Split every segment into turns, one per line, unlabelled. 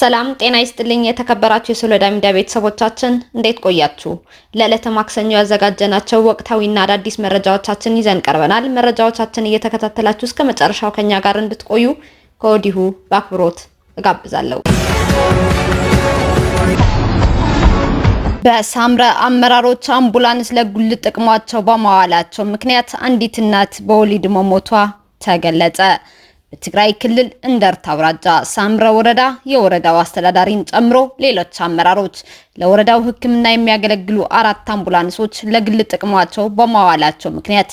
ሰላም ጤና ይስጥልኝ። የተከበራችሁ የሶሎዳ ሚዲያ ቤተሰቦቻችን እንዴት ቆያችሁ? ለዕለተ ማክሰኞ ያዘጋጀናቸው ወቅታዊና አዳዲስ መረጃዎቻችን ይዘን ቀርበናል። መረጃዎቻችን እየተከታተላችሁ እስከ መጨረሻው ከኛ ጋር እንድትቆዩ ከወዲሁ በአክብሮት እጋብዛለሁ። በሳምረ አመራሮች አምቡላንስ ለጉል ጥቅሟቸው በማዋላቸው ምክንያት አንዲት እናት በወሊድ መሞቷ ተገለጸ። በትግራይ ክልል እንደርታ አውራጃ ሳምረ ወረዳ የወረዳው አስተዳዳሪን ጨምሮ ሌሎች አመራሮች ለወረዳው ሕክምና የሚያገለግሉ አራት አምቡላንሶች ለግል ጥቅማቸው በማዋላቸው ምክንያት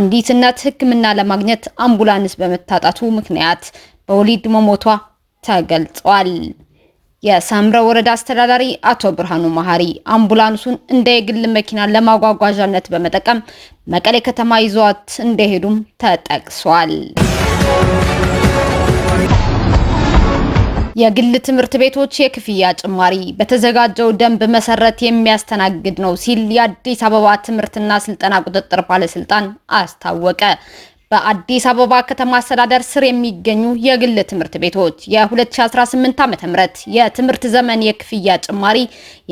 አንዲት እናት ሕክምና ለማግኘት አምቡላንስ በመታጣቱ ምክንያት በወሊድ መሞቷ ተገልጿል። የሳምረ ወረዳ አስተዳዳሪ አቶ ብርሃኑ መሀሪ አምቡላንሱን እንደ የግል መኪና ለማጓጓዣነት በመጠቀም መቀሌ ከተማ ይዟት እንደሄዱም ተጠቅሷል። የግል ትምህርት ቤቶች የክፍያ ጭማሪ በተዘጋጀው ደንብ መሰረት የሚያስተናግድ ነው ሲል የአዲስ አበባ ትምህርትና ስልጠና ቁጥጥር ባለስልጣን አስታወቀ። በአዲስ አበባ ከተማ አስተዳደር ስር የሚገኙ የግል ትምህርት ቤቶች የ2018 ዓ.ም የትምህርት ዘመን የክፍያ ጭማሪ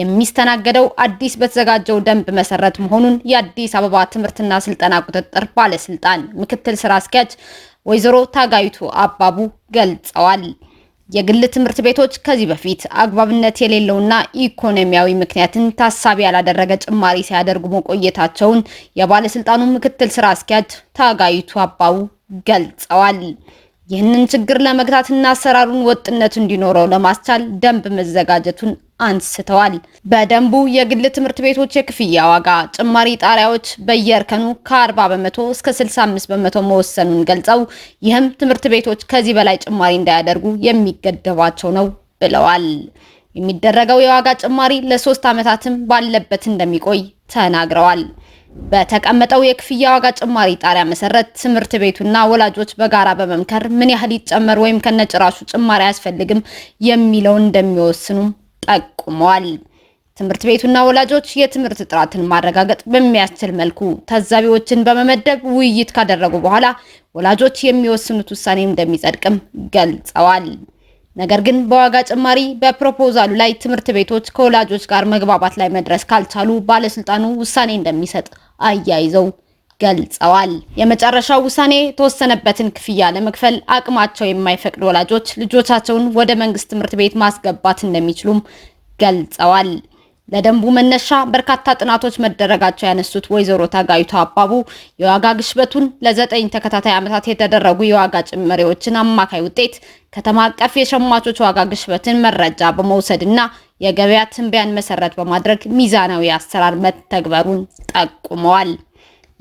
የሚስተናገደው አዲስ በተዘጋጀው ደንብ መሰረት መሆኑን የአዲስ አበባ ትምህርትና ስልጠና ቁጥጥር ባለስልጣን ምክትል ስራ አስኪያጅ ወይዘሮ ታጋይቱ አባቡ ገልጸዋል። የግል ትምህርት ቤቶች ከዚህ በፊት አግባብነት የሌለውና ኢኮኖሚያዊ ምክንያትን ታሳቢ ያላደረገ ጭማሪ ሲያደርጉ መቆየታቸውን የባለስልጣኑ ምክትል ስራ አስኪያጅ ታጋይቱ አባው ገልጸዋል። ይህንን ችግር ለመግታትና አሰራሩን ወጥነት እንዲኖረው ለማስቻል ደንብ መዘጋጀቱን አንስተዋል። በደንቡ የግል ትምህርት ቤቶች የክፍያ ዋጋ ጭማሪ ጣሪያዎች በየእርከኑ ከ40 በመቶ እስከ 65 በመቶ መወሰኑን ገልጸው ይህም ትምህርት ቤቶች ከዚህ በላይ ጭማሪ እንዳያደርጉ የሚገደባቸው ነው ብለዋል። የሚደረገው የዋጋ ጭማሪ ለሶስት ዓመታትም ባለበት እንደሚቆይ ተናግረዋል። በተቀመጠው የክፍያ ዋጋ ጭማሪ ጣሪያ መሰረት ትምህርት ቤቱና ወላጆች በጋራ በመምከር ምን ያህል ይጨመር ወይም ከነጭራሹ ጭማሪ አያስፈልግም የሚለውን እንደሚወስኑ ጠቁመዋል። ትምህርት ቤቱና ወላጆች የትምህርት ጥራትን ማረጋገጥ በሚያስችል መልኩ ታዛቢዎችን በመመደብ ውይይት ካደረጉ በኋላ ወላጆች የሚወስኑት ውሳኔ እንደሚጸድቅም ገልጸዋል። ነገር ግን በዋጋ ጭማሪ በፕሮፖዛሉ ላይ ትምህርት ቤቶች ከወላጆች ጋር መግባባት ላይ መድረስ ካልቻሉ ባለስልጣኑ ውሳኔ እንደሚሰጥ አያይዘው ገልጸዋል። የመጨረሻው ውሳኔ የተወሰነበትን ክፍያ ለመክፈል አቅማቸው የማይፈቅድ ወላጆች ልጆቻቸውን ወደ መንግስት ትምህርት ቤት ማስገባት እንደሚችሉም ገልጸዋል። ለደንቡ መነሻ በርካታ ጥናቶች መደረጋቸው ያነሱት ወይዘሮ ታጋይቱ አባቡ የዋጋ ግሽበቱን ለዘጠኝ ተከታታይ ዓመታት የተደረጉ የዋጋ ጭማሪዎችን አማካይ ውጤት ከተማ አቀፍ የሸማቾች ዋጋ ግሽበትን መረጃ በመውሰድና የገበያ ትንበያን መሰረት በማድረግ ሚዛናዊ አሰራር መተግበሩን ጠቁመዋል።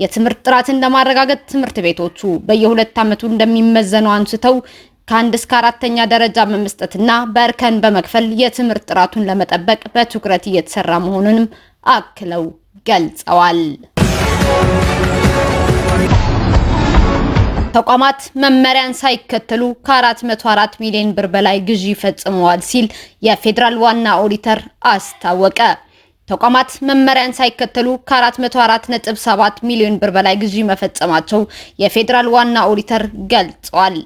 የትምህርት ጥራትን ለማረጋገጥ ትምህርት ቤቶቹ በየሁለት ዓመቱ እንደሚመዘኑ አንስተው ከአንድ እስከ አራተኛ ደረጃ በመስጠትና በእርከን በመክፈል የትምህርት ጥራቱን ለመጠበቅ በትኩረት እየተሰራ መሆኑንም አክለው ገልጸዋል። ተቋማት መመሪያን ሳይከተሉ ከ404 ሚሊዮን ብር በላይ ግዢ ፈጽመዋል ሲል የፌዴራል ዋና ኦዲተር አስታወቀ። ተቋማት መመሪያን ሳይከተሉ ከ404.7 ሚሊዮን ብር በላይ ግዢ መፈጸማቸው የፌዴራል ዋና ኦዲተር ገልጸዋል።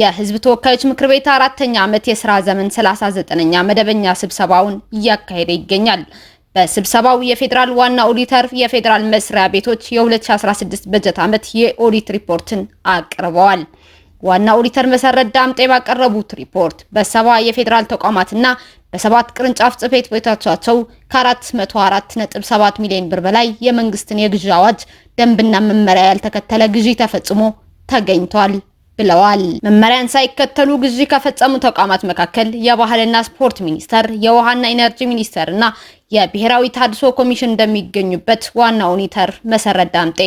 የህዝብ ተወካዮች ምክር ቤት አራተኛ ዓመት የስራ ዘመን 39ኛ መደበኛ ስብሰባውን እያካሄደ ይገኛል። በስብሰባው የፌዴራል ዋና ኦዲተር የፌዴራል መስሪያ ቤቶች የ2016 በጀት ዓመት የኦዲት ሪፖርትን አቅርበዋል። ዋና ኦዲተር መሰረት ዳምጤ ባቀረቡት ሪፖርት በሰባ የፌዴራል ተቋማትና በሰባት ቅርንጫፍ ጽፌት ቤቶቻቸው ከ404.7 ሚሊዮን ብር በላይ የመንግስትን የግዢ አዋጅ ደንብና መመሪያ ያልተከተለ ግዢ ተፈጽሞ ተገኝቷል ብለዋል። መመሪያን ሳይከተሉ ግዢ ከፈጸሙ ተቋማት መካከል የባህልና ስፖርት ሚኒስቴር፣ የውሃና ኢነርጂ ሚኒስቴር እና የብሔራዊ ታድሶ ኮሚሽን እንደሚገኙበት ዋና ኦዲተር መሰረት ዳምጤ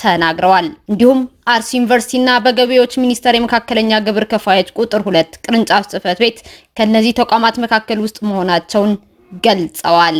ተናግረዋል። እንዲሁም አርሲ ዩኒቨርሲቲ እና በገቢዎች ሚኒስቴር የመካከለኛ ግብር ከፋዮች ቁጥር ሁለት ቅርንጫፍ ጽህፈት ቤት ከእነዚህ ተቋማት መካከል ውስጥ መሆናቸውን ገልጸዋል።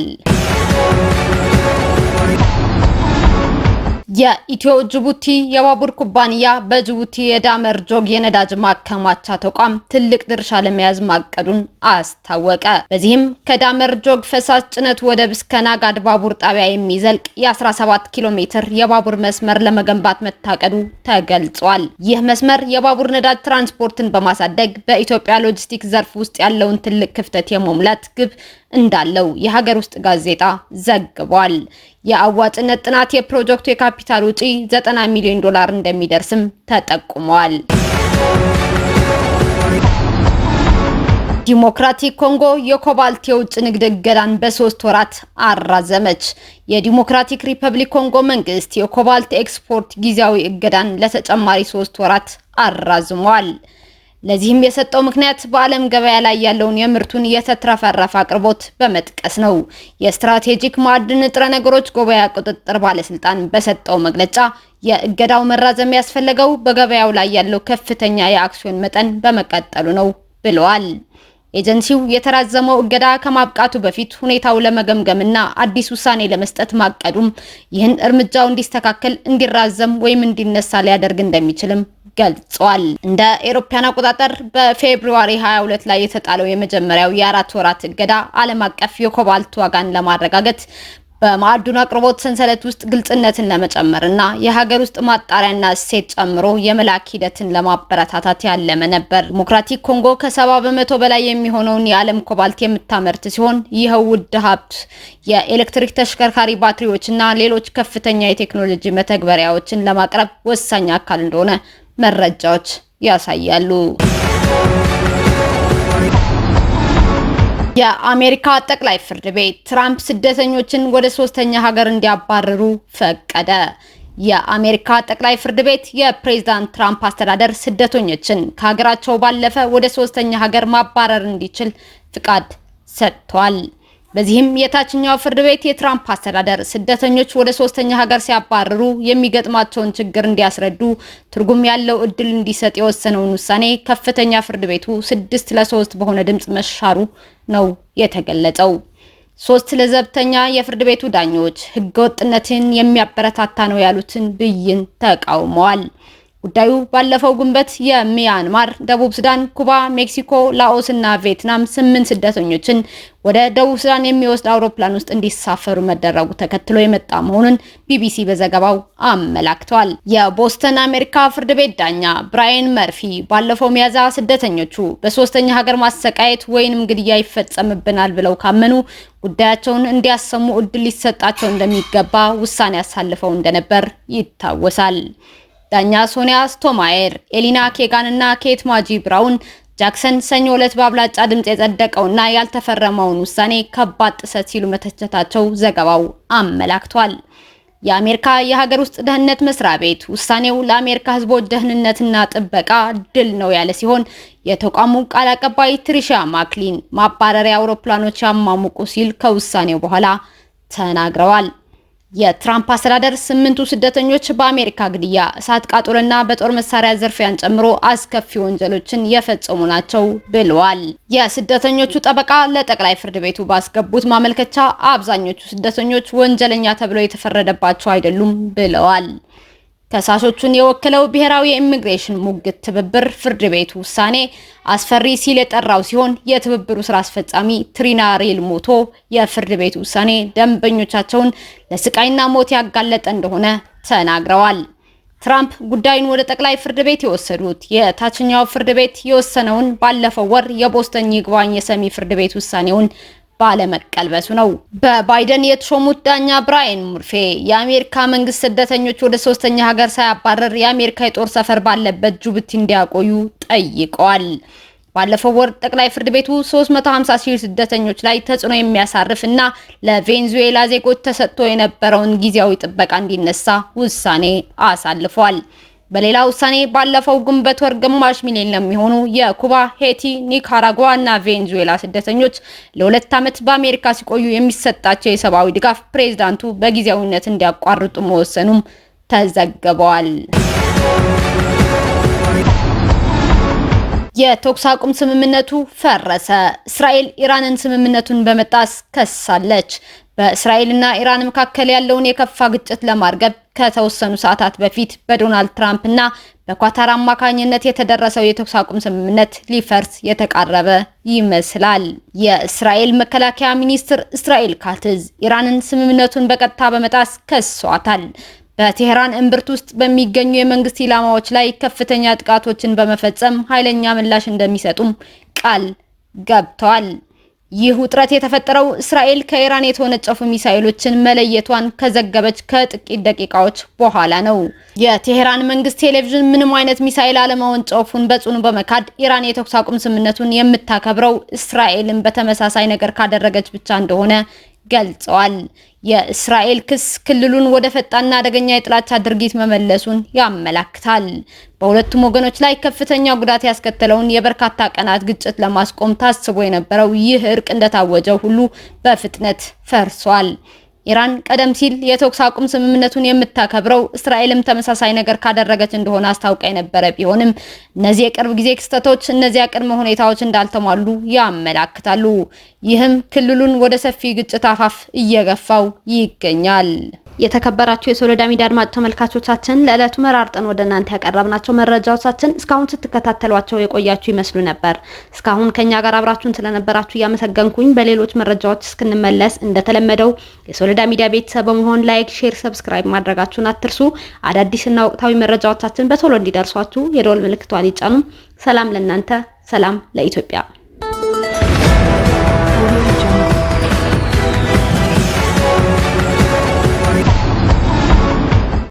የኢትዮ ጅቡቲ የባቡር ኩባንያ በጅቡቲ የዳመር ጆግ የነዳጅ ማከማቻ ተቋም ትልቅ ድርሻ ለመያዝ ማቀዱን አስታወቀ። በዚህም ከዳመር ጆግ ፈሳሽ ጭነት ወደብ እስከ ናጋድ ባቡር ጣቢያ የሚዘልቅ የ17 ኪሎ ሜትር የባቡር መስመር ለመገንባት መታቀዱ ተገልጿል። ይህ መስመር የባቡር ነዳጅ ትራንስፖርትን በማሳደግ በኢትዮጵያ ሎጂስቲክ ዘርፍ ውስጥ ያለውን ትልቅ ክፍተት የመሙላት ግብ እንዳለው የሀገር ውስጥ ጋዜጣ ዘግቧል። የአዋጭነት ጥናት የፕሮጀክቱ የካፒታል ውጪ 90 ሚሊዮን ዶላር እንደሚደርስም ተጠቁሟል። ዲሞክራቲክ ኮንጎ የኮባልት የውጭ ንግድ እገዳን በሶስት ወራት አራዘመች። የዲሞክራቲክ ሪፐብሊክ ኮንጎ መንግስት የኮባልት ኤክስፖርት ጊዜያዊ እገዳን ለተጨማሪ ሶስት ወራት አራዝሟል። ለዚህም የሰጠው ምክንያት በዓለም ገበያ ላይ ያለውን የምርቱን የተትረፈረፈ አቅርቦት በመጥቀስ ነው። የስትራቴጂክ ማዕድን ንጥረ ነገሮች ገበያ ቁጥጥር ባለስልጣን በሰጠው መግለጫ የእገዳው መራዘም ያስፈለገው በገበያው ላይ ያለው ከፍተኛ የአክሲዮን መጠን በመቀጠሉ ነው ብለዋል። ኤጀንሲው የተራዘመው እገዳ ከማብቃቱ በፊት ሁኔታው ለመገምገምና አዲስ ውሳኔ ለመስጠት ማቀዱም ይህን እርምጃው እንዲስተካከል፣ እንዲራዘም ወይም እንዲነሳ ሊያደርግ እንደሚችልም ገልጿል። እንደ ኤሮፓያን አቆጣጠር በፌብሩዋሪ 22 ላይ የተጣለው የመጀመሪያው የአራት ወራት እገዳ ዓለም አቀፍ የኮባልት ዋጋን ለማረጋገጥ በማዕዱን አቅርቦት ሰንሰለት ውስጥ ግልጽነትን ለመጨመር የሀገር ውስጥ ማጣሪያና እሴት ጨምሮ የመላክ ሂደትን ለማበረታታት ያለመ ነበር። ዲሞክራቲክ ኮንጎ ከሰባ በመቶ በላይ የሚሆነውን የዓለም ኮባልት የምታመርት ሲሆን ይኸው ውድ ሀብት የኤሌክትሪክ ተሽከርካሪ ባትሪዎች ሌሎች ከፍተኛ የቴክኖሎጂ መተግበሪያዎችን ለማቅረብ ወሳኝ አካል እንደሆነ መረጃዎች ያሳያሉ። የአሜሪካ ጠቅላይ ፍርድ ቤት ትራምፕ ስደተኞችን ወደ ሶስተኛ ሀገር እንዲያባረሩ ፈቀደ። የአሜሪካ ጠቅላይ ፍርድ ቤት የፕሬዝዳንት ትራምፕ አስተዳደር ስደተኞችን ከሀገራቸው ባለፈ ወደ ሶስተኛ ሀገር ማባረር እንዲችል ፍቃድ ሰጥቷል። በዚህም የታችኛው ፍርድ ቤት የትራምፕ አስተዳደር ስደተኞች ወደ ሶስተኛ ሀገር ሲያባርሩ የሚገጥማቸውን ችግር እንዲያስረዱ ትርጉም ያለው እድል እንዲሰጥ የወሰነውን ውሳኔ ከፍተኛ ፍርድ ቤቱ ስድስት ለሶስት በሆነ ድምፅ መሻሩ ነው የተገለጸው። ሶስት ለዘብተኛ የፍርድ ቤቱ ዳኞች ህገወጥነትን የሚያበረታታ ነው ያሉትን ብይን ተቃውመዋል። ጉዳዩ ባለፈው ግንቦት የሚያንማር፣ ደቡብ ሱዳን፣ ኩባ፣ ሜክሲኮ፣ ላኦስ እና ቪየትናም ስምንት ስደተኞችን ወደ ደቡብ ሱዳን የሚወስድ አውሮፕላን ውስጥ እንዲሳፈሩ መደረጉ ተከትሎ የመጣ መሆኑን ቢቢሲ በዘገባው አመላክቷል። የቦስተን አሜሪካ ፍርድ ቤት ዳኛ ብራይን መርፊ ባለፈው ሚያዝያ ስደተኞቹ በሶስተኛ ሀገር ማሰቃየት ወይንም ግድያ ይፈጸምብናል ብለው ካመኑ ጉዳያቸውን እንዲያሰሙ እድል ሊሰጣቸው እንደሚገባ ውሳኔ ያሳልፈው እንደነበር ይታወሳል። ዳኛ ሶኒያ ስቶማየር ኤሊና ኬጋን እና ኬት ማጂ ብራውን ጃክሰን ሰኞ ዕለት በአብላጫ ድምጽ የጸደቀውና ያልተፈረመውን ውሳኔ ከባድ ጥሰት ሲሉ መተቸታቸው ዘገባው አመላክቷል። የአሜሪካ የሀገር ውስጥ ደህንነት መስሪያ ቤት ውሳኔው ለአሜሪካ ሕዝቦች ደህንነትና ጥበቃ ድል ነው ያለ ሲሆን የተቋሙ ቃል አቀባይ ትሪሻ ማክሊን ማባረሪያ አውሮፕላኖች ያማሙቁ ሲል ከውሳኔው በኋላ ተናግረዋል። የትራምፕ አስተዳደር ስምንቱ ስደተኞች በአሜሪካ ግድያ፣ እሳት ቃጠሎና በጦር መሳሪያ ዝርፊያን ጨምሮ አስከፊ ወንጀሎችን የፈጸሙ ናቸው ብለዋል። የስደተኞቹ ጠበቃ ለጠቅላይ ፍርድ ቤቱ ባስገቡት ማመልከቻ አብዛኞቹ ስደተኞች ወንጀለኛ ተብለው የተፈረደባቸው አይደሉም ብለዋል። ከሳሾቹን የወከለው ብሔራዊ የኢሚግሬሽን ሙግት ትብብር ፍርድ ቤት ውሳኔ አስፈሪ ሲል የጠራው ሲሆን የትብብሩ ስራ አስፈጻሚ ትሪና ሬል ሞቶ የፍርድ ቤቱ ውሳኔ ደንበኞቻቸውን ለስቃይና ሞት ያጋለጠ እንደሆነ ተናግረዋል። ትራምፕ ጉዳዩን ወደ ጠቅላይ ፍርድ ቤት የወሰዱት የታችኛው ፍርድ ቤት የወሰነውን ባለፈው ወር የቦስተን ይግባኝ የሰሚ ፍርድ ቤት ውሳኔውን ባለመቀልበሱ ነው። በባይደን የተሾሙት ዳኛ ብራይን ሙርፌ የአሜሪካ መንግስት ስደተኞች ወደ ሶስተኛ ሀገር ሳያባረር የአሜሪካ የጦር ሰፈር ባለበት ጅቡቲ እንዲያቆዩ ጠይቀዋል። ባለፈው ወር ጠቅላይ ፍርድ ቤቱ 350 ሲቪል ስደተኞች ላይ ተጽዕኖ የሚያሳርፍ እና ለቬንዙዌላ ዜጎች ተሰጥቶ የነበረውን ጊዜያዊ ጥበቃ እንዲነሳ ውሳኔ አሳልፏል። በሌላ ውሳኔ ባለፈው ግንቦት ወር ግማሽ ሚሊዮን ለሚሆኑ የኩባ፣ ሄቲ፣ ኒካራጓ እና ቬንዙዌላ ስደተኞች ለሁለት ዓመት በአሜሪካ ሲቆዩ የሚሰጣቸው የሰብአዊ ድጋፍ ፕሬዝዳንቱ በጊዜያዊነት እንዲያቋርጡ መወሰኑም ተዘግበዋል። የተኩስ አቁም ስምምነቱ ፈረሰ። እስራኤል ኢራንን ስምምነቱን በመጣስ ከሳለች። በእስራኤልና ኢራን መካከል ያለውን የከፋ ግጭት ለማርገብ ከተወሰኑ ሰዓታት በፊት በዶናልድ ትራምፕ እና በኳታር አማካኝነት የተደረሰው የተኩስ አቁም ስምምነት ሊፈርስ የተቃረበ ይመስላል። የእስራኤል መከላከያ ሚኒስትር እስራኤል ካትዝ ኢራንን ስምምነቱን በቀጥታ በመጣስ ከሷታል። በቴህራን እምብርት ውስጥ በሚገኙ የመንግስት ኢላማዎች ላይ ከፍተኛ ጥቃቶችን በመፈጸም ኃይለኛ ምላሽ እንደሚሰጡም ቃል ገብተዋል። ይህ ውጥረት የተፈጠረው እስራኤል ከኢራን የተወነጨፉ ሚሳኤሎችን መለየቷን ከዘገበች ከጥቂት ደቂቃዎች በኋላ ነው። የቴሄራን መንግስት ቴሌቪዥን ምንም አይነት ሚሳኤል አለመወንጨፉን በጽኑ በመካድ ኢራን የተኩስ አቁም ስምምነቱን የምታከብረው እስራኤልን በተመሳሳይ ነገር ካደረገች ብቻ እንደሆነ ገልጸዋል። የእስራኤል ክስ ክልሉን ወደ ፈጣንና አደገኛ የጥላቻ ድርጊት መመለሱን ያመላክታል። በሁለቱም ወገኖች ላይ ከፍተኛ ጉዳት ያስከተለውን የበርካታ ቀናት ግጭት ለማስቆም ታስቦ የነበረው ይህ እርቅ እንደታወጀው ሁሉ በፍጥነት ፈርሷል። ኢራን ቀደም ሲል የተኩስ አቁም ስምምነቱን የምታከብረው እስራኤልም ተመሳሳይ ነገር ካደረገች እንደሆነ አስታውቃ የነበረ ቢሆንም እነዚህ የቅርብ ጊዜ ክስተቶች እነዚያ ቅድመ ሁኔታዎች እንዳልተሟሉ ያመላክታሉ። ይህም ክልሉን ወደ ሰፊ ግጭት አፋፍ እየገፋው ይገኛል። የተከበራችሁ የሶሎዳ ሚዲያ አድማጭ ተመልካቾቻችን ለዕለቱ መራርጠን ወደ እናንተ ያቀረብናቸው መረጃዎቻችን እስካሁን ስትከታተሏቸው የቆያችሁ ይመስሉ ነበር። እስካሁን ከኛ ጋር አብራችሁን ስለነበራችሁ እያመሰገንኩኝ በሌሎች መረጃዎች እስክንመለስ እንደተለመደው የሶሎዳ ሚዲያ ቤተሰብ በመሆን ላይክ፣ ሼር፣ ሰብስክራይብ ማድረጋችሁን አትርሱ። አዳዲስና ወቅታዊ መረጃዎቻችን በቶሎ እንዲደርሷችሁ የደወል ምልክቷን ይጫኑ። ሰላም ለእናንተ፣ ሰላም ለኢትዮጵያ።